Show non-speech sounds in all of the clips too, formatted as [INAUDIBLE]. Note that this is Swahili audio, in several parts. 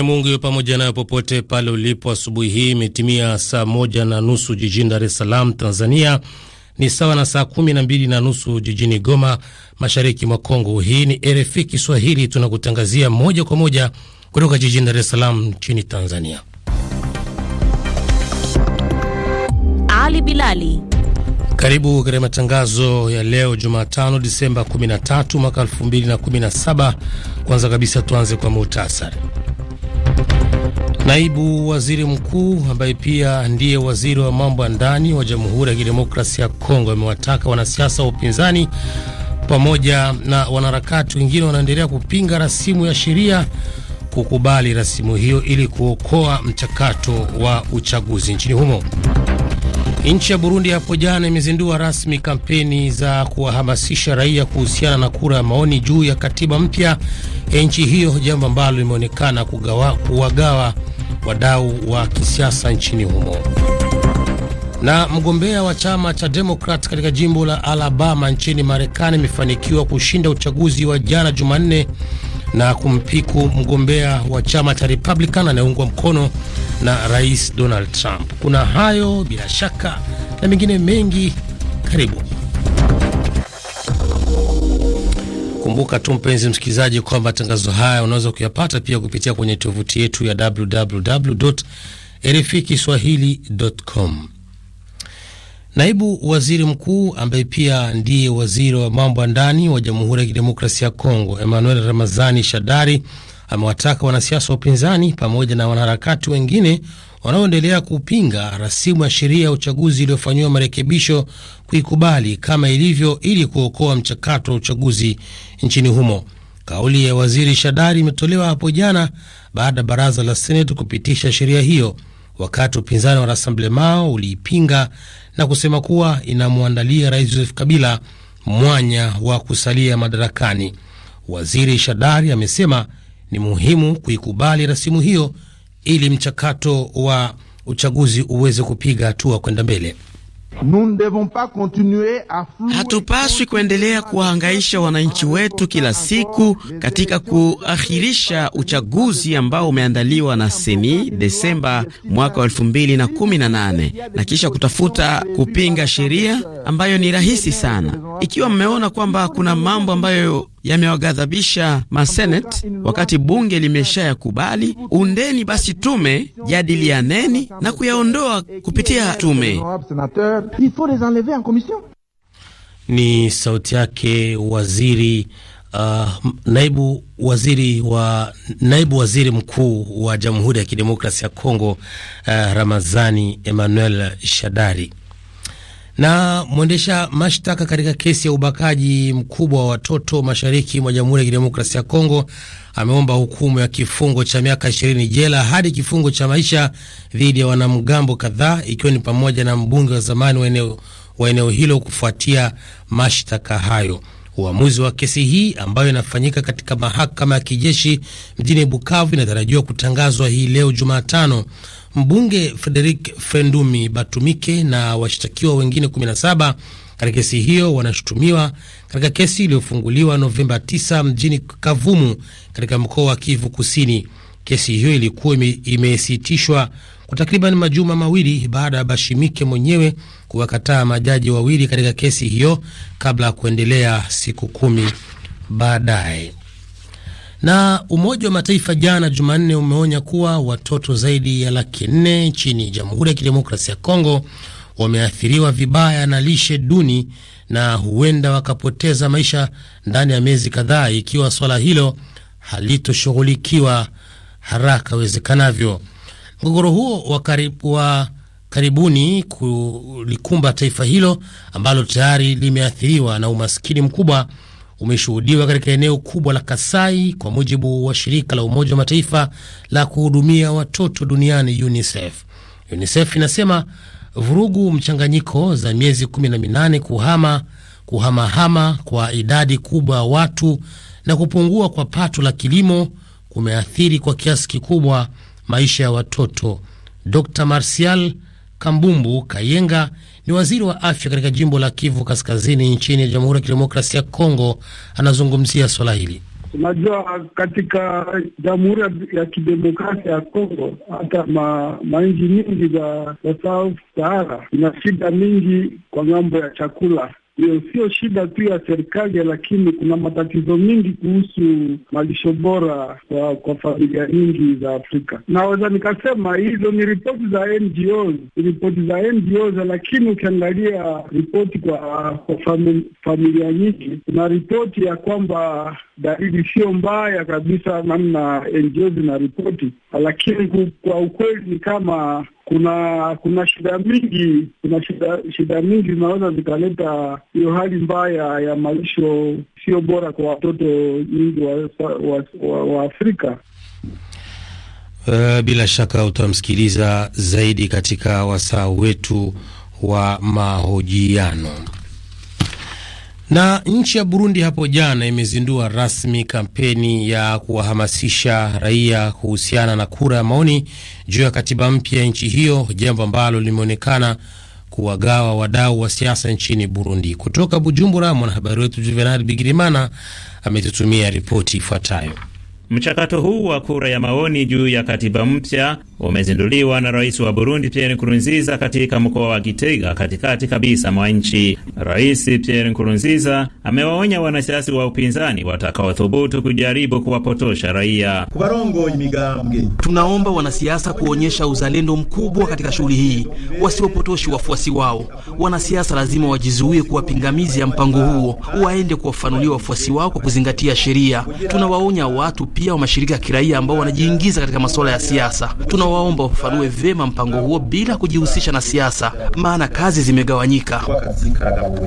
ya Mungu iwe pamoja nayo popote pale ulipo. Asubuhi hii imetimia saa moja na nusu jijini Dar es Salaam, Tanzania, ni sawa na saa kumi na mbili na nusu jijini Goma, mashariki mwa Kongo. Hii ni RFI Kiswahili, tunakutangazia moja kwa moja kutoka jijini Dar es Salaam nchini Tanzania. Ali Bilali, karibu katika matangazo ya leo Jumatano, Disemba 13 mwaka 2017. Kwanza kabisa tuanze kwa muhtasari. Naibu waziri mkuu ambaye pia ndiye waziri wa mambo ya ndani wa Jamhuri ya Kidemokrasia ya Kongo amewataka wanasiasa wa upinzani pamoja na wanaharakati wengine wanaendelea kupinga rasimu ya sheria kukubali rasimu hiyo ili kuokoa mchakato wa uchaguzi nchini humo. Nchi ya Burundi hapo jana imezindua rasmi kampeni za kuwahamasisha raia kuhusiana na kura ya maoni juu ya katiba mpya ya nchi hiyo, jambo ambalo limeonekana kuwagawa wadau wa kisiasa nchini humo. Na mgombea wa chama cha Demokrat katika jimbo la Alabama nchini Marekani amefanikiwa kushinda uchaguzi wa jana Jumanne na kumpiku mgombea wa chama cha Republican anayeungwa mkono na Rais Donald Trump. Kuna hayo bila shaka na mengine mengi, karibu. Kumbuka tu mpenzi msikilizaji, kwamba matangazo haya unaweza kuyapata pia kupitia kwenye tovuti yetu ya kiswahilicom Naibu waziri mkuu ambaye pia ndiye waziri wa mambo ya ndani wa Jamhuri ya Kidemokrasia ya Kongo, Emmanuel Ramazani Shadari, amewataka wanasiasa wa upinzani pamoja na wanaharakati wengine wanaoendelea kupinga rasimu ya sheria ya uchaguzi iliyofanyiwa marekebisho kuikubali kama ilivyo ili kuokoa mchakato wa uchaguzi nchini humo. Kauli ya waziri Shadari imetolewa hapo jana baada ya baraza la Seneti kupitisha sheria hiyo, wakati upinzani wa Rassemblement uliipinga na kusema kuwa inamwandalia Rais Joseph Kabila mwanya wa kusalia madarakani. Waziri Shadari amesema ni muhimu kuikubali rasimu hiyo ili mchakato wa uchaguzi uweze kupiga hatua kwenda mbele. Hatupaswi kuendelea kuwahangaisha wananchi wetu kila siku katika kuahirisha uchaguzi ambao umeandaliwa na seni Desemba mwaka wa elfu mbili na kumi na nane na kisha kutafuta kupinga sheria ambayo ni rahisi sana. Ikiwa mmeona kwamba kuna mambo ambayo yamewaghadhabisha masenate, wakati bunge yakubali Undeni basi tume, jadilianeni na kuyaondoa kupitia tume. Ni sauti yake waziri Uh, naibu waziri wa naibu waziri mkuu wa Jamhuri ya Kidemokrasia ya Kongo, uh, Ramazani Emmanuel Shadari. Na mwendesha mashtaka katika kesi ya ubakaji mkubwa wa watoto mashariki mwa Jamhuri ya Kidemokrasia ya Kongo ameomba hukumu ya kifungo cha miaka 20 jela hadi kifungo cha maisha dhidi ya wanamgambo kadhaa ikiwa ni pamoja na mbunge wa zamani wa eneo wa eneo hilo kufuatia mashtaka hayo. Uamuzi wa kesi hii ambayo inafanyika katika mahakama ya kijeshi mjini Bukavu inatarajiwa kutangazwa hii leo Jumatano. Mbunge Frederic Fendumi Batumike na washtakiwa wengine 17 katika kesi hiyo wanashutumiwa katika kesi iliyofunguliwa Novemba 9 mjini Kavumu katika mkoa wa Kivu Kusini. Kesi hiyo ilikuwa imesitishwa kwa takriban majuma mawili baada ya Bashimike mwenyewe kuwakataa majaji wawili katika kesi hiyo kabla ya kuendelea siku kumi baadaye. Na Umoja wa Mataifa jana Jumanne umeonya kuwa watoto zaidi ya laki nne nchini Jamhuri ya Kidemokrasia ya Kongo wameathiriwa vibaya na lishe duni na huenda wakapoteza maisha ndani ya miezi kadhaa ikiwa swala hilo halitoshughulikiwa haraka iwezekanavyo. Mgogoro huo wa wa karibuni kulikumba taifa hilo ambalo tayari limeathiriwa na umaskini mkubwa umeshuhudiwa katika eneo kubwa la Kasai kwa mujibu wa shirika la Umoja wa Mataifa la kuhudumia watoto duniani UNICEF. UNICEF inasema vurugu mchanganyiko za miezi 18 kuhama kuhamahama kwa idadi kubwa ya watu na kupungua kwa pato la kilimo kumeathiri kwa kiasi kikubwa maisha ya watoto. Dr marcial Kambumbu Kayenga ni waziri wa afya katika jimbo la Kivu Kaskazini nchini ya Jamhuri ya Kidemokrasia ya Kongo. Anazungumzia swala hili. Unajua, katika Jamhuri ya Kidemokrasia ya Kongo, hata manchi nyingi za South Sahara ina shida mingi kwa ng'ambo ya chakula hiyo sio shida tu ya serikali, lakini kuna matatizo mengi kuhusu malisho bora kwa, kwa familia nyingi za Afrika. Naweza nikasema hizo ni ripoti za NGOs, ripoti za NGOs, lakini ukiangalia ripoti kwa, kwa fami, familia nyingi, kuna ripoti ya kwamba dalili sio mbaya kabisa namna NGOs ripoti lakini kwa ukweli ni kama kuna kuna shida mingi, kuna shida, shida mingi zinaweza zikaleta hiyo hali mbaya ya maisho sio bora kwa watoto nyingi wa, wa, wa, wa Afrika. Uh, bila shaka utamsikiliza zaidi katika wasaa wetu wa mahojiano. Na nchi ya Burundi hapo jana imezindua rasmi kampeni ya kuwahamasisha raia kuhusiana na kura ya maoni juu ya katiba mpya ya nchi hiyo, jambo ambalo limeonekana kuwagawa wadau wa siasa nchini Burundi. Kutoka Bujumbura, mwanahabari wetu Juvenal Bigirimana ametutumia ripoti ifuatayo. Mchakato huu wa kura ya maoni juu ya katiba mpya umezinduliwa na rais wa Burundi Pierre Nkurunziza katika mkoa wa Gitega katikati kabisa mwa nchi. Rais Pierre Nkurunziza amewaonya wanasiasa wa upinzani watakaothubutu kujaribu kuwapotosha raia. Tunaomba wanasiasa kuonyesha uzalendo mkubwa katika shughuli hii, wasiopotoshi wafuasi wao. Wanasiasa lazima wajizuie kuwa pingamizi ya mpango huo, waende kuwafanulia wafuasi wao kwa kuzingatia sheria. Tunawaonya watu pia wa mashirika ya kiraia ambao wanajiingiza katika masuala ya siasa. Tuna tunawaomba wafafanue vyema mpango huo bila kujihusisha na siasa, maana kazi zimegawanyika.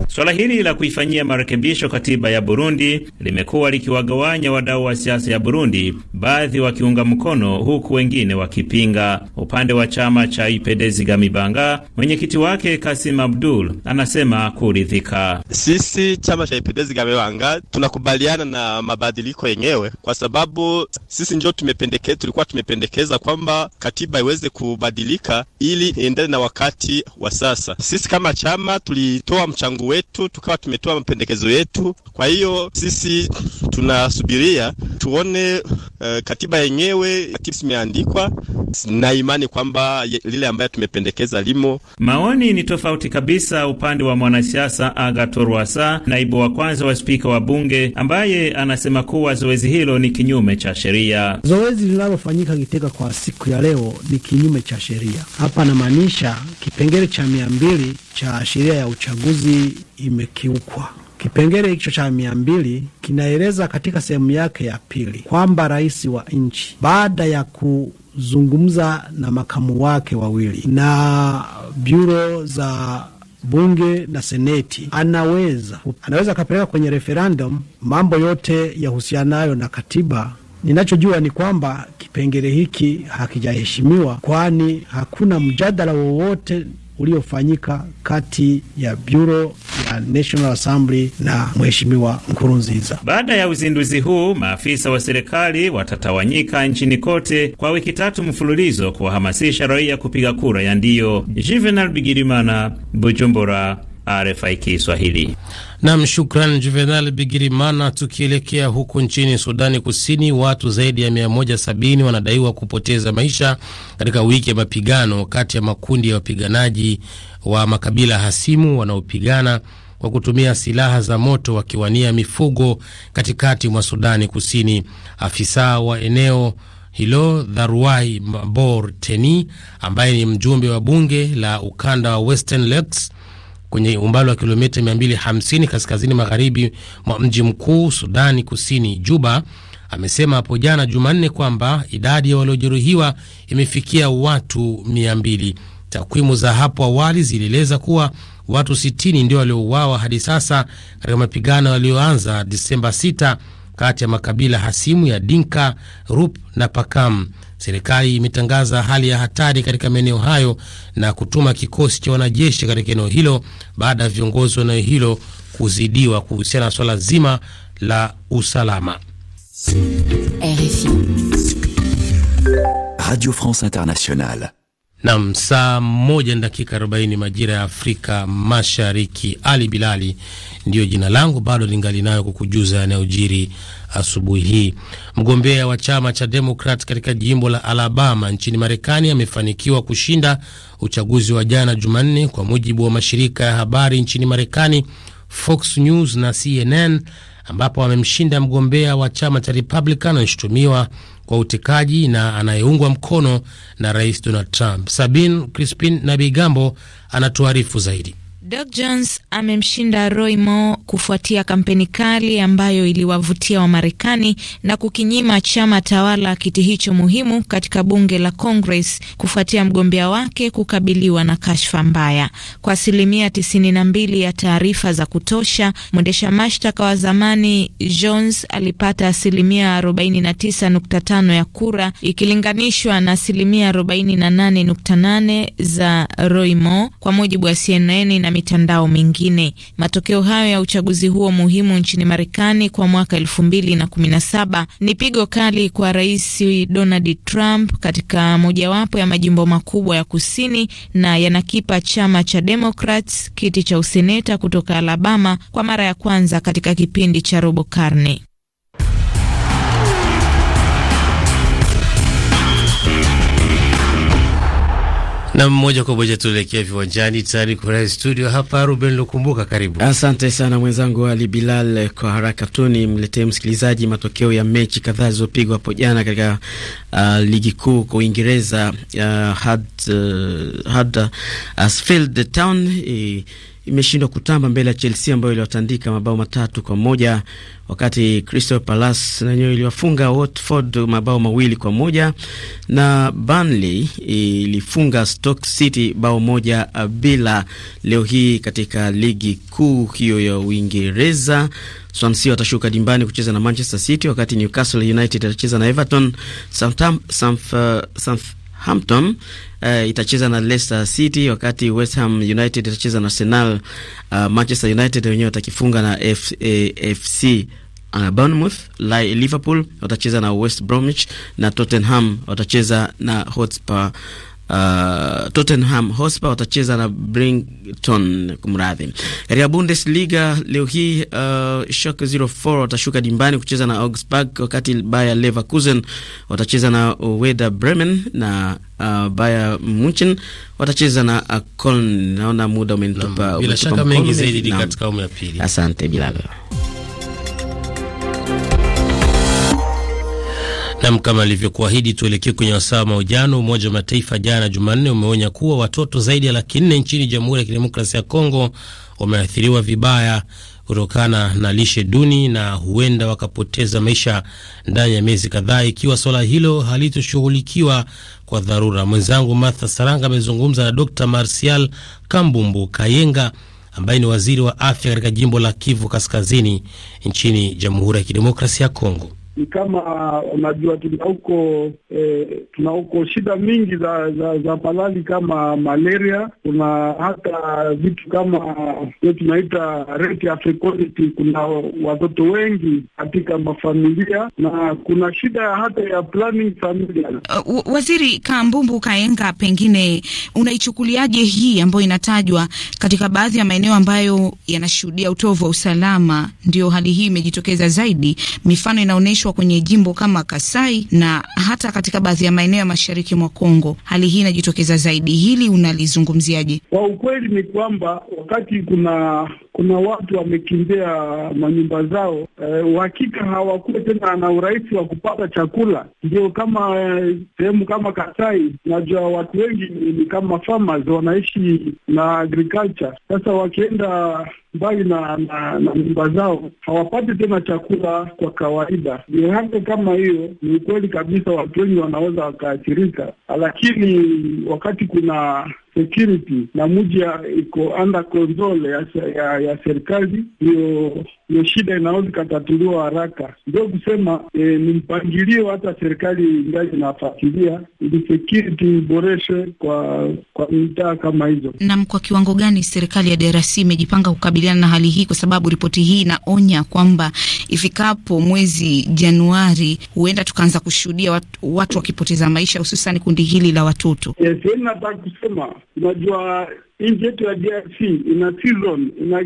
Swala hili la kuifanyia marekebisho katiba ya Burundi limekuwa likiwagawanya wadau wa siasa ya Burundi, baadhi wakiunga mkono huku wengine wakipinga. Upande wa chama cha Ipedezi Gamibanga, mwenyekiti wake Kasim Abdul anasema kuridhika. Sisi chama cha Ipedezi Gamibanga tunakubaliana na mabadiliko yenyewe, kwa sababu sisi njo tumependekeza, tulikuwa tumependekeza kwamba katiba iweze kubadilika ili iendane na wakati wa sasa. Sisi kama chama tulitoa mchango wetu, tukawa tumetoa mapendekezo yetu. Kwa hiyo sisi tunasubiria tuone, uh, katiba yenyewe katiba imeandikwa na imani kwamba lile ambayo tumependekeza limo. Maoni ni tofauti kabisa upande wa mwanasiasa agato Rwasa, naibu wa kwanza wa spika wa bunge, ambaye anasema kuwa zoezi hilo ni kinyume cha sheria. Zoezi linalofanyika Kiteka kwa siku ya leo ni kinyume cha sheria. Hapa namaanisha kipengele cha mia mbili cha sheria ya uchaguzi imekiukwa. Kipengele hicho cha mia mbili kinaeleza katika sehemu yake ya pili kwamba rais wa nchi baada ya kuzungumza na makamu wake wawili na byuro za bunge na seneti anaweza anaweza akapeleka kwenye referendum mambo yote yahusianayo na katiba Ninachojua ni kwamba kipengele hiki hakijaheshimiwa, kwani hakuna mjadala wowote uliofanyika kati ya Bureau ya National Assembly na Mheshimiwa Nkurunziza. Baada ya uzinduzi huu, maafisa wa serikali watatawanyika nchini kote kwa wiki tatu mfululizo kuwahamasisha raia kupiga kura ya ndiyo. Juvenal Bigirimana, Bujumbura, RFI Kiswahili. Nam, shukran Juvenal Bigirimana. Tukielekea huko nchini Sudani Kusini, watu zaidi ya 170 wanadaiwa kupoteza maisha katika wiki ya mapigano kati ya makundi ya wapiganaji wa makabila hasimu wanaopigana kwa kutumia silaha za moto wakiwania mifugo katikati mwa Sudani Kusini. Afisa wa eneo hilo Dharuai Mabor Teni, ambaye ni mjumbe wa bunge la ukanda wa Western Lakes kwenye umbali wa kilomita 250 kaskazini magharibi mwa mji mkuu Sudani Kusini, Juba, amesema hapo jana Jumanne kwamba idadi ya waliojeruhiwa imefikia watu 200. Takwimu za hapo awali zilieleza kuwa watu 60 ndio waliouawa hadi sasa katika mapigano yaliyoanza Disemba 6 kati ya makabila hasimu ya Dinka, Rup na Pakam. Serikali imetangaza hali ya hatari katika maeneo hayo na kutuma kikosi cha wanajeshi katika eneo hilo baada ya viongozi wa eneo hilo kuzidiwa kuhusiana na swala zima la usalama. RFI. Radio France Internationale. Nam, saa moja na dakika arobaini majira ya Afrika Mashariki. Ali Bilali ndiyo jina langu, bado lingali nayo kukujuza yanayojiri asubuhi hii. Mgombea wa chama cha Demokrat katika jimbo la Alabama nchini Marekani amefanikiwa kushinda uchaguzi wa jana Jumanne, kwa mujibu wa mashirika ya habari nchini Marekani Fox News na CNN, ambapo amemshinda mgombea wa chama cha Republican anashutumiwa kwa utekaji na anayeungwa mkono na Rais Donald Trump. Sabin Crispin na Bigambo anatuarifu zaidi. Doc Jones amemshinda Roy Moore kufuatia kampeni kali ambayo iliwavutia Wamarekani na kukinyima chama tawala kiti hicho muhimu katika bunge la Congress kufuatia mgombea wake kukabiliwa na kashfa mbaya. Kwa asilimia 92 ya taarifa za kutosha, mwendesha mashtaka wa zamani Jones alipata asilimia 49.5 ya kura ikilinganishwa na asilimia 48.8 za Roy Moore, kwa mujibu wa CNN na mitandao mingine. Matokeo hayo ya uchaguzi huo muhimu nchini Marekani kwa mwaka elfu mbili na kumi na saba ni pigo kali kwa Rais Donald Trump katika mojawapo ya majimbo makubwa ya kusini na yanakipa chama cha Democrats kiti cha useneta kutoka Alabama kwa mara ya kwanza katika kipindi cha robo karne. Na moja kwa moja tuelekea viwanjani tayari kuna studio hapa, Ruben Lukumbuka, karibu. Asante sana mwenzangu Ali Bilal. Kwa haraka tu mletee msikilizaji matokeo ya mechi kadhaa zilizopigwa hapo jana katika uh, ligi kuu kwa Uingereza. Uh, had, uh, had, uh, Town uh, imeshindwa kutamba mbele ya Chelsea ambayo iliwatandika mabao matatu kwa moja, wakati Crystal Palace nayo iliwafunga Watford mabao mawili kwa moja na Burnley ilifunga Stoke City bao moja uh, bila. Leo hii katika ligi kuu hiyo ya Uingereza Swansea watashuka dimbani kucheza na Manchester City, wakati Newcastle United atacheza na Everton Southampton Southampton uh, eh, itacheza na Leicester City, wakati West Ham United itacheza na Arsenal. Uh, Manchester United wenyewe watakifunga na FC eh, uh, Bournemouth. Liverpool watacheza na West Bromwich na Tottenham watacheza na Hotspur Uh, Tottenham Hotspur watacheza na Brighton kumradhi. Katika Bundesliga leo hii uh, Schalke 04 watashuka dimbani kucheza na Augsburg, wakati Bayer Leverkusen watacheza na Werder Bremen na uh, Bayer Munchen watacheza na uh, Köln. Naona muda umenitupa, bila shaka mengi zaidi katika awamu ya pili. Asante Nam, kama alivyokuahidi, tuelekee kwenye wasaa wa mahojiano. Umoja wa Mataifa jana Jumanne umeonya kuwa watoto zaidi ya laki nne nchini Jamhuri ya Kidemokrasia ya Kongo wameathiriwa vibaya kutokana na lishe duni na huenda wakapoteza maisha ndani ya miezi kadhaa ikiwa swala hilo halitoshughulikiwa kwa dharura. Mwenzangu Martha Saranga amezungumza na Dr Marsial Kambumbu Kayenga ambaye ni waziri wa afya katika jimbo la Kivu Kaskazini nchini Jamhuri ya Kidemokrasia ya Kongo ni kama unajua tuna huko e, tuna huko shida mingi za za, za balali kama malaria. Kuna hata vitu kama hiyo eh, tunaita rate ya fecundity. Kuna watoto wengi katika mafamilia na kuna shida hata ya planning familia. Uh, Waziri Kambumbu Kaenga, pengine unaichukuliaje hii ambayo inatajwa katika baadhi ya maeneo ambayo yanashuhudia utovu wa usalama, ndio hali hii imejitokeza zaidi, mifano inaonyesha kuhamishwa kwenye jimbo kama Kasai na hata katika baadhi ya maeneo ya mashariki mwa Kongo. Hali hii inajitokeza zaidi, hili unalizungumziaje? Kwa ukweli ni kwamba wakati kuna kuna watu wamekimbia manyumba zao, eh, uhakika e, hawakuwa tena na urahisi wa kupata chakula. Ndio kama eh, sehemu kama Kasai, najua watu wengi ni, ni kama farmers wanaishi na agriculture. Sasa wakienda mbali na na, na nyumba zao hawapati tena chakula kwa kawaida. Mihanga kama hiyo, ni ukweli kabisa, watu wengi wanaweza wakaathirika, lakini wakati kuna security na mji iko under control ya, ya, ya serikali, ndiyo hiyo shida inaweza ikatatuliwa haraka. Ndio kusema e, ni mpangilio hata serikali ingali inafuatilia ili security iboreshwe kwa kwa mitaa kama hizo. Nam, kwa kiwango gani serikali ya DRC imejipanga kukabiliana na hali hii, kwa sababu ripoti hii inaonya kwamba ifikapo mwezi Januari huenda tukaanza kushuhudia watu, watu wakipoteza maisha, hususani kundi hili la watoto. Yes, eh, nataka kusema unajua nchi yetu ya DRC ina season, ina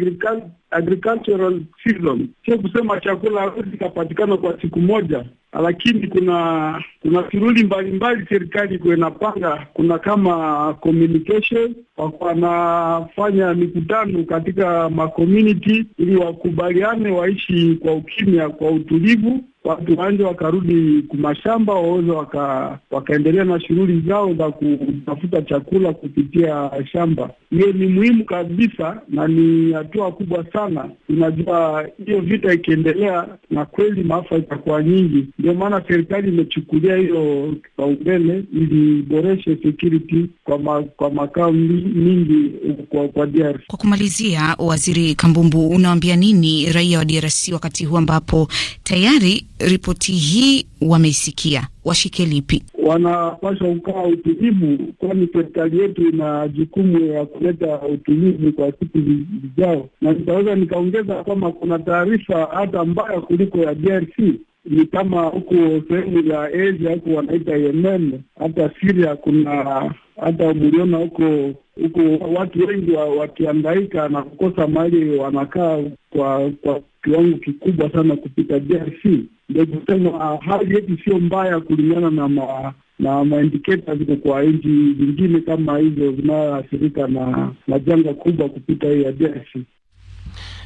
agricultural season, sio kusema chakula hawezi ikapatikana kwa siku moja, lakini kuna kuna shughuli mbalimbali serikali iko inapanga. Kuna kama communication, wanafanya mikutano katika ma community ili wakubaliane waishi kwa ukimya, kwa utulivu watu wanje wakarudi kumashamba waweze waka, wakaendelea na shughuli zao za kutafuta chakula kupitia shamba. Hiyo ni muhimu kabisa na ni hatua kubwa sana. Unajua, hiyo vita ikiendelea, na kweli maafa itakuwa nyingi. Ndio maana serikali imechukulia hiyo kipaumbele ili iboreshe security kwa, ma, kwa makao mingi kwa, kwa DRC. Kwa kumalizia, Waziri Kambumbu, unawaambia nini raia wa DRC wakati huu ambapo tayari ripoti hii wameisikia, washike lipi? Wanapaswa kukaa utulivu, kwani serikali yetu ina jukumu ya kuleta utulivu kwa siku zijao, na nitaweza nikaongeza kwamba kuna taarifa hata mbaya kuliko ya DRC ni kama huko sehemu za Asia huko wanaita Yemen, hata Syria kuna hata muliona huko huko watu wengi wakiangaika na kukosa mali wanakaa kwa kwa kiwango kikubwa sana kupita DRC. Ndio kusema hali yetu sio mbaya kulingana na ma, na maindiketa ziko kwa nchi zingine kama hizo zinayoathirika na na janga kubwa kupita hii ya DRC.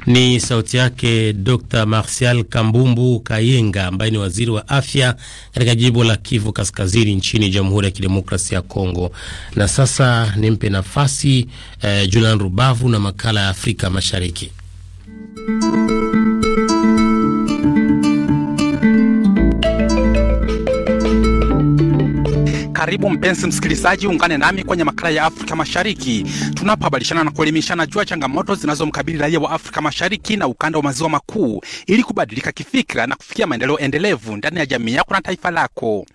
Ni sauti yake Dr Martial Kambumbu Kayenga, ambaye ni waziri wa afya katika jimbo la Kivu Kaskazini nchini Jamhuri ya Kidemokrasia ya Kongo. Na sasa nimpe nafasi eh, Julian Rubavu na makala ya Afrika Mashariki. Karibu mpenzi msikilizaji, ungane nami kwenye makala ya Afrika Mashariki tunapohabarishana na kuelimishana juu ya changamoto zinazomkabili raia wa Afrika Mashariki na ukanda wa maziwa makuu ili kubadilika kifikra na kufikia maendeleo endelevu ndani ya jamii yako na taifa lako.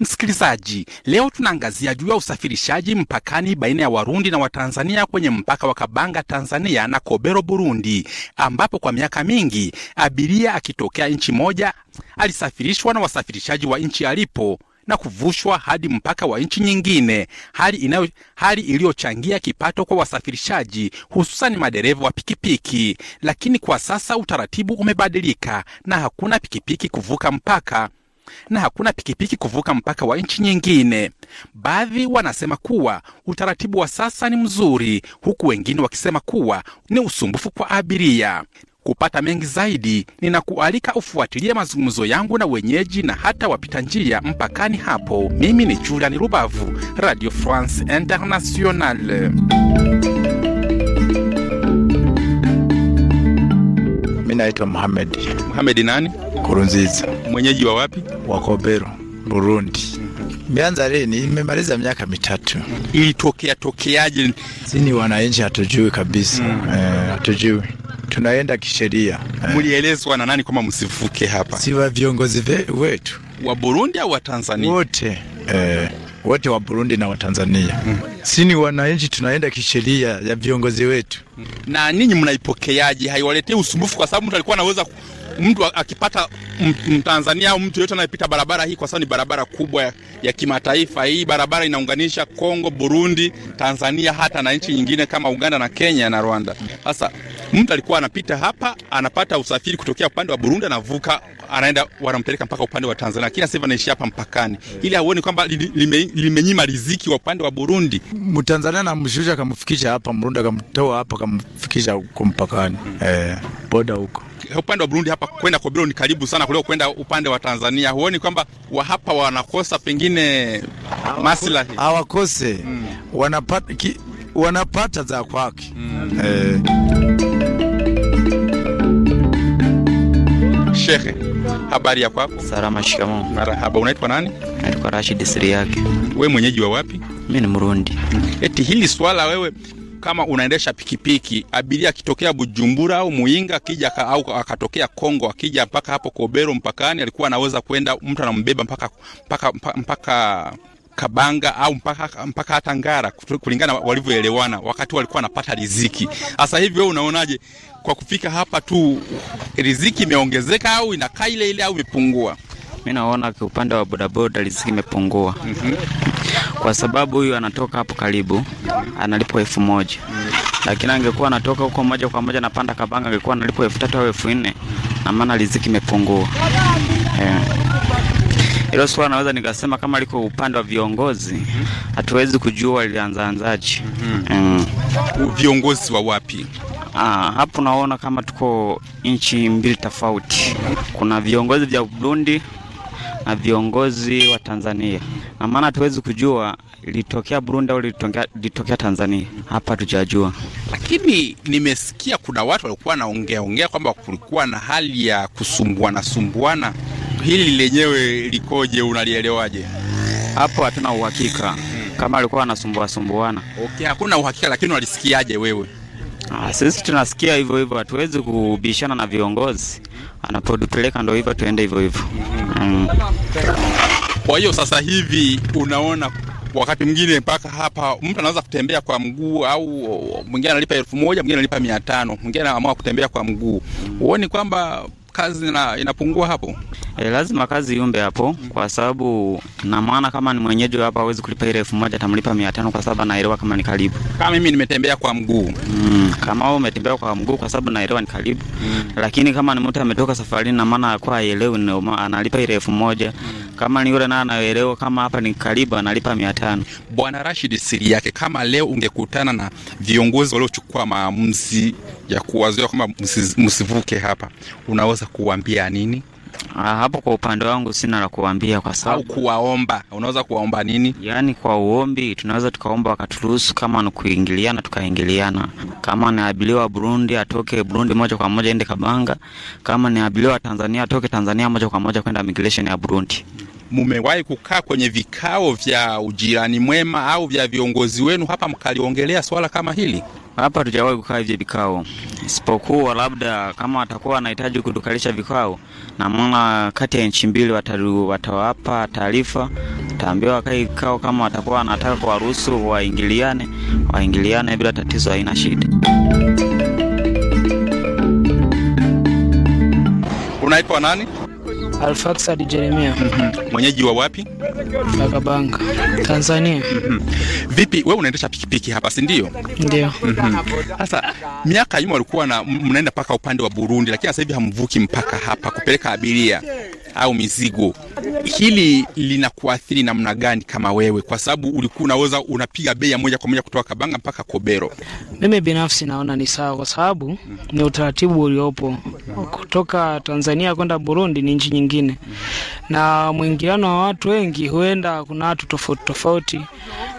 Msikilizaji, leo tunaangazia juu ya usafirishaji mpakani baina ya Warundi na Watanzania kwenye mpaka wa Kabanga Tanzania na Kobero Burundi, ambapo kwa miaka mingi abiria akitokea nchi moja alisafirishwa na wasafirishaji wa nchi alipo na kuvushwa hadi mpaka wa nchi nyingine, hali inayo hali iliyochangia kipato kwa wasafirishaji hususan madereva wa pikipiki. Lakini kwa sasa utaratibu umebadilika na hakuna pikipiki kuvuka mpaka na hakuna pikipiki kuvuka mpaka wa nchi nyingine. Baadhi wanasema kuwa utaratibu wa sasa ni mzuri, huku wengine wakisema kuwa ni usumbufu kwa abiria. Kupata mengi zaidi, ninakualika ufuatilie mazungumzo yangu na wenyeji na hata wapita njia mpakani hapo. Mimi ni Julian Rubavu, Radio France Internationale. Mimi naitwa Mohamed. Mohamed nani? Kurunziza. Mwenyeji wa wapi? Wa Kobero, Burundi. Mianza lini? Imemaliza miaka mitatu. Ilitokea tokeaje? Sini wananchi hatujui kabisa. Mm. Eh, hatujui tunaenda kisheria. Eh. Mlielezwa na nani kwamba msivuke hapa? Si wa viongozi wetu wa Burundi au wa Tanzania? Wote eh, wote wa Burundi na wa Tanzania Si hmm. Sini wananchi tunaenda kisheria ya viongozi wetu hmm. Na ninyi mnaipokeaje? Haiwaletei usumbufu? Kwa sababu mtu alikuwa anaweza mtu akipata Mtanzania au mtu yote anayepita barabara hii, kwa sababu ni barabara kubwa ya, ya kimataifa. Hii barabara inaunganisha Kongo, Burundi, Tanzania, hata na nchi nyingine kama Uganda na Kenya na Rwanda. Sasa mtu alikuwa anapita hapa, anapata usafiri kutokea upande wa Burundi, anavuka, anaenda, wanampeleka mpaka upande wa Tanzania, lakini sasa anaishi hapa mpakani, eh. ili aone kwamba limenyima riziki wa upande wa Burundi. Mtanzania anamshusha akamfikisha hapa Burundi, akamtoa hapa akamfikisha huko mpakani, hmm. eh, boda huko upande wa Burundi hapa kwenda kwa ni karibu sana kuliko kwenda upande wa Tanzania. Huoni kwamba wa hapa wanakosa pengine maslahi? Hawakose, hmm. wanapata wanapata za kwake mm. eh. shekhe, habari ya kwako? Salama. Shikamoo. Marahaba. Unaitwa nani? Naitwa Rashid yake. Wewe mwenyeji wa wapi? Mimi ni Mrundi. Eti hili swala wewe kama unaendesha pikipiki, abiria akitokea Bujumbura au muinga akija au akatokea Kongo akija mpaka hapo Kobero mpakani, alikuwa anaweza kwenda mtu anambeba mpaka mpaka mpaka, mpaka Kabanga au mpaka, mpaka hata Ngara kulingana walivyoelewana wakati walikuwa wanapata riziki. Sasa hivi wewe unaonaje kwa kufika hapa tu riziki imeongezeka au inakaa ile ile au imepungua? Mimi naona kwa upande wa bodaboda riziki imepungua. mm -hmm. Kwa sababu huyu anatoka hapo karibu analipo elfu moja mm -hmm. Lakini angekuwa anatoka huko moja kwa moja napanda Kabanga angekuwa analipo elfu tatu au elfu nne na maana riziki imepungua. yeah. Hilo swala naweza nikasema kama liko upande wa viongozi, mhm. hatuwezi kujua lilianzaanzaje. Mhm. mm -hmm. mm. Viongozi wa wapi? Ah, hapo naona kama tuko nchi mbili tofauti. Kuna viongozi vya Burundi na viongozi wa Tanzania, na maana hatuwezi kujua litokea Burundi au litokea Tanzania, hapa tujajua. Lakini nimesikia kuna watu walikuwa wanaongea ongea kwamba kulikuwa na hali ya kusumbuana sumbuana hili lenyewe likoje, unalielewaje? Hapo hatuna uhakika kama alikuwa anasumbua sumbuana. Okay, hakuna uhakika, lakini walisikiaje wewe? Ah, sisi tunasikia hivyo hivyo, hatuwezi kubishana na viongozi, anapotupeleka ndio hivyo, tuende hivyo hivyo mm. Kwa hiyo sasa hivi unaona wakati mwingine mpaka hapa mtu anaweza kutembea kwa mguu au mwingine analipa elfu moja mwingine analipa mia tano mwingine anaamua kutembea kwa mguu. Huoni kwamba kazi na inapungua hapo? E, lazima kazi iumbe hapo kwa sababu na maana kama ni mwenyeji hapa hawezi kulipa ile elfu moja atamlipa mia tano kwa sababu anaelewa kama ni karibu. Kama mimi nimetembea kwa mguu mm, kama wewe umetembea kwa mguu kwa sababu naelewa ni karibu mm. Lakini kama ni mtu ametoka safarini na maana hakuwa aelewi ndio analipa ile elfu moja mm. Kama ni yule naye anaelewa kama hapa ni karibu, analipa mia tano. Bwana Rashid, siri yake, kama leo ungekutana na viongozi waliochukua maamuzi ya kuwazuia kwamba msivuke hapa, unaweza kuwaambia nini? Ah, hapo kwa upande wangu sina la kuambia kwa sababu, au kuwaomba. Unaweza kuwaomba nini? Yaani kwa uombi tunaweza tukaomba wakaturuhusu, kama ni kuingiliana tukaingiliana. Kama ni abiliwa Burundi atoke Burundi moja kwa moja ende Kabanga, kama ni abiliwa Tanzania atoke Tanzania moja kwa moja kwenda migration ya Burundi mumewahi kukaa kwenye vikao vya ujirani mwema au vya viongozi wenu hapa mkaliongelea swala kama hili? Hapa hatujawahi kukaa hivyo vikao, isipokuwa labda kama watakuwa wanahitaji kutukalisha vikao, na maana kati ya nchi mbili watawapa taarifa, wataambiwa wakae vikao. Kama watakuwa wanataka kuwaruhusu waingiliane, waingiliane bila tatizo, haina shida. Unaitwa nani? Alfaxad Jeremia. mm -hmm. Mwenyeji wa wapi? Akabanga, Tanzania. mm -hmm. Vipi wewe unaendesha pikipiki hapa si ndio? Ndio. Mhm. Sasa miaka ya nyuma walikuwa na mnaenda mpaka upande wa Burundi, lakini sasa hivi hamvuki mpaka hapa kupeleka abiria au mizigo. Hili linakuathiri namna gani kama wewe, kwa sababu ulikuwa unaweza unapiga bei ya moja kwa moja kutoka Kabanga mpaka Kobero? Mimi binafsi naona ni sawa, kwa sababu ni utaratibu uliopo. Kutoka Tanzania kwenda Burundi ni nchi nyingine, na mwingiliano wa watu wengi, huenda kuna watu tofauti tofauti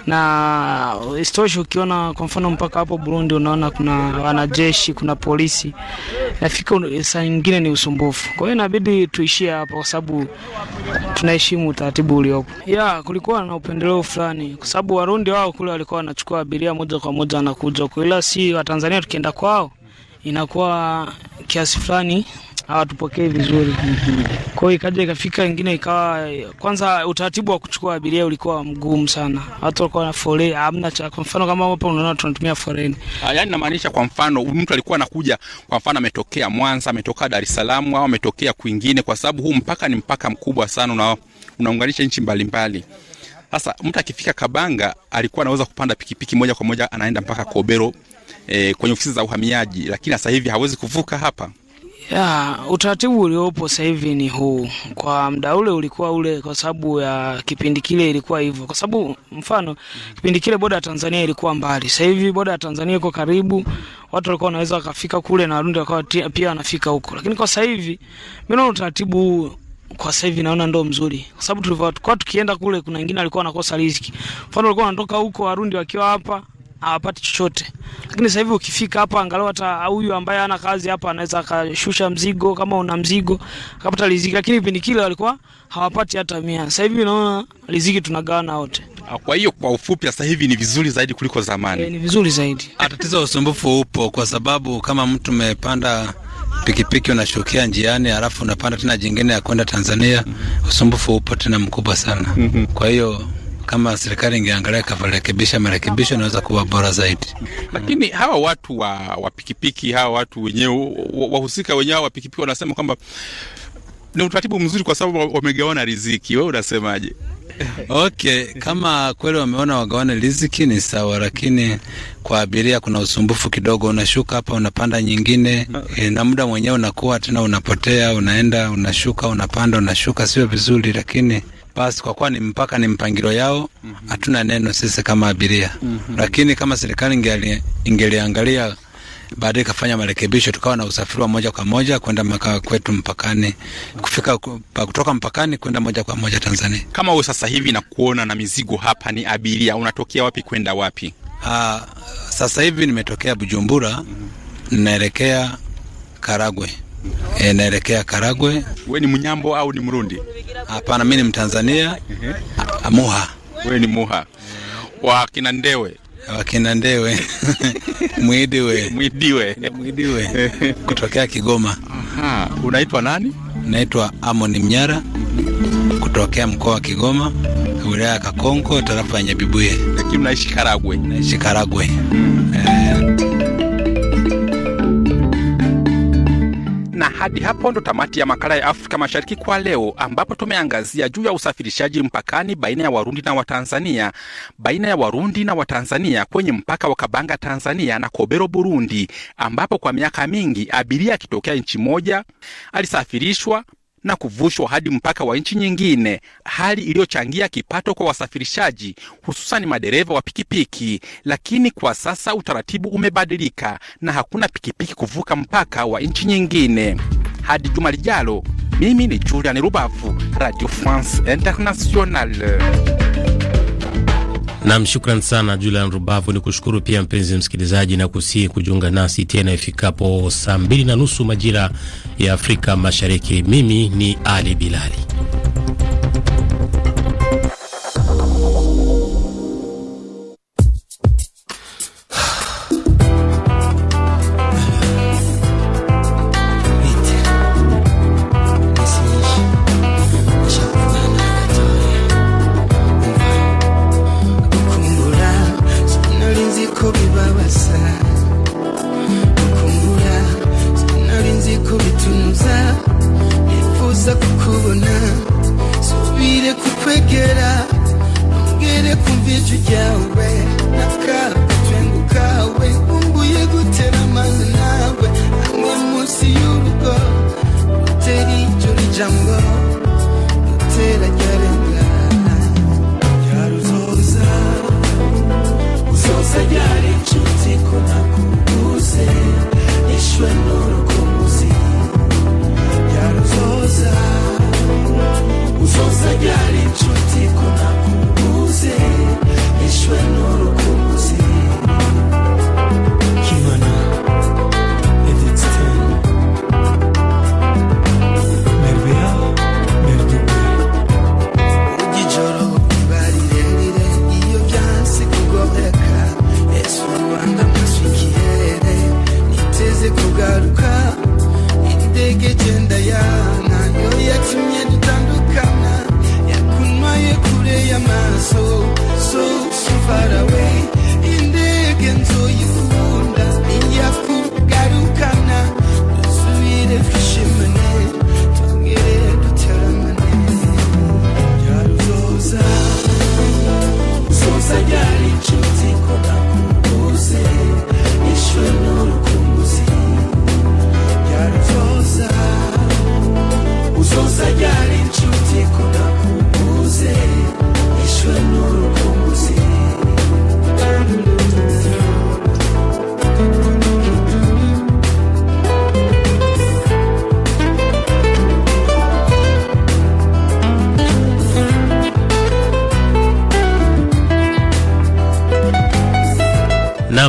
na istoshi ukiona kwa mfano mpaka hapo Burundi, unaona kuna wanajeshi, kuna polisi, nafika saa nyingine ni usumbufu. Kwa hiyo inabidi tuishie hapo sababu tunaheshimu utaratibu uliopo. Ya, kulikuwa na upendeleo fulani, kwa sababu Warundi wao kule walikuwa wanachukua abiria moja kwa moja anakuja, ila si Watanzania tukienda kwao inakuwa kiasi fulani hawatupokei vizuri. Kwa hiyo ikaja ikafika wengine, ikawa kwanza utaratibu wa kuchukua abiria ulikuwa mgumu sana, watu walikuwa na foleni, hamna cha. Kwa mfano kama hapa unaona tunatumia foleni, ah, yaani namaanisha, kwa mfano mtu alikuwa anakuja, kwa mfano ametokea Mwanza, ametoka Dar es Salaam au ametokea kwingine, kwa sababu huu mpaka ni mpaka mkubwa sana, na unaunganisha nchi mbalimbali. Sasa mtu akifika Kabanga alikuwa anaweza kupanda pikipiki moja kwa moja anaenda mpaka Kobero, eh, kwenye ofisi za uhamiaji, lakini sasa hivi hawezi kuvuka hapa. Ya, utaratibu uliopo sasa hivi ni huu. Kwa muda ule ulikuwa ule kwa sababu ya kipindi kile ilikuwa hivyo. Kwa sababu mfano kipindi kile boda ya Tanzania ilikuwa mbali. Sasa hivi boda ya Tanzania iko karibu. Watu walikuwa wanaweza wakafika kule na Warundi wakawa pia wanafika huko. Lakini kwa sasa hivi mimi naona utaratibu kwa sasa hivi naona ndo mzuri. Kwa sababu tulivyokuwa tukienda kule kuna wengine walikuwa wanakosa riziki. Mfano walikuwa wanatoka huko Warundi wakiwa hapa hawapati chochote, lakini sasa hivi ukifika hapa, angalau hata huyu ambaye ana kazi hapa anaweza akashusha mzigo, kama una mzigo akapata riziki, lakini kipindi kile walikuwa hawapati hata mia. Sasa hivi naona riziki tunagawana wote. Ah, kwa hiyo kwa ufupi, sasa hivi ni vizuri zaidi kuliko zamani. E, ni vizuri zaidi. Ah, tatizo la usumbufu upo, kwa sababu kama mtu umepanda pikipiki unashukia njiani, alafu unapanda tena jingine ya kwenda Tanzania, usumbufu upo tena mkubwa sana. Mhm. Kwa hiyo kama serikali ingeangalia ikarekebisha marekebisho, inaweza kuwa bora zaidi. Lakini hawa watu wa, wa pikipiki hawa watu wenyewe wahusika wenyewe hawa wapikipiki wanasema kwamba ni utaratibu mzuri kwa sababu wamegawana riziki. Wewe unasemaje? Okay, kama kweli wameona wagawane riziki ni sawa, lakini kwa abiria kuna usumbufu kidogo. Unashuka hapa unapanda nyingine [LAUGHS] e, na muda mwenyewe unakuwa tena unapotea, unaenda unashuka, unapanda, unashuka, sio vizuri, lakini basi kwa kuwa ni mpaka ni mpangilio yao, mhm. hatuna mm -hmm. neno sisi kama abiria mm -hmm. Lakini kama serikali ingeliangalia baadaye ikafanya marekebisho, tukawa na usafiri wa moja kwa moja kwenda makaa kwetu mpakani, kufika kutoka mpakani kwenda moja kwa moja Tanzania. Kama wewe sasa hivi na kuona na mizigo hapa, ni abiria unatokea wapi kwenda wapi? Aa, sasa hivi nimetokea Bujumbura, mhm. naelekea Karagwe. E, naelekea Karagwe. Wewe ni Mnyambo au ni Mrundi? Hapana, mimi ni Mtanzania. Uh-huh. Muha. Wewe ni Muha. Wakina Ndewe. Wakina Ndewe. [LAUGHS] Mwidiwe. Mwidiwe. Mwidiwe. Kutokea Kigoma. Aha. Unaitwa nani? Naitwa Amon Mnyara kutokea mkoa wa Kigoma, wilaya ya Kakonko, tarafa ya Nyabibuye. Lakini unaishi Karagwe? Naishi Karagwe. Mm. E, Hadi hapo ndo tamati ya makala ya Afrika Mashariki kwa leo, ambapo tumeangazia juu ya usafirishaji mpakani baina ya Warundi na Watanzania, baina ya Warundi na Watanzania kwenye mpaka wa Kabanga Tanzania na Kobero Burundi, ambapo kwa miaka mingi abiria akitokea nchi moja alisafirishwa na kuvushwa hadi mpaka wa nchi nyingine, hali iliyochangia kipato kwa wasafirishaji hususani madereva wa pikipiki. Lakini kwa sasa utaratibu umebadilika na hakuna pikipiki kuvuka mpaka wa nchi nyingine. Hadi juma lijalo, mimi ni Julian Rubavu, Radio France Internationale. Nam, shukran sana Julian Rubavu. Ni kushukuru pia mpenzi msikilizaji, na kusihi kujiunga nasi tena ifikapo saa mbili na nusu majira ya Afrika Mashariki. Mimi ni Ali Bilali.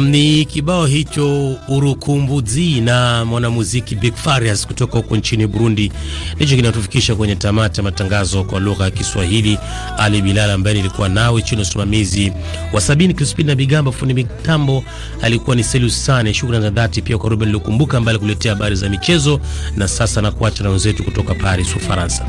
Nam ni kibao hicho Urukumbuzi na mwanamuziki Big Farias kutoka huko nchini Burundi ndicho kinatufikisha kwenye tamata matangazo kwa lugha ya Kiswahili. Ali Bilal ambaye nilikuwa nawe chini ya usimamizi wa Sabini Crispin na Bigamba, fundi mitambo alikuwa ni Selusane. Shukrani za dhati pia kwa Ruben Lukumbuka ambaye alikuletea habari za michezo, na sasa nakuacha na wenzetu kutoka Paris, Ufaransa.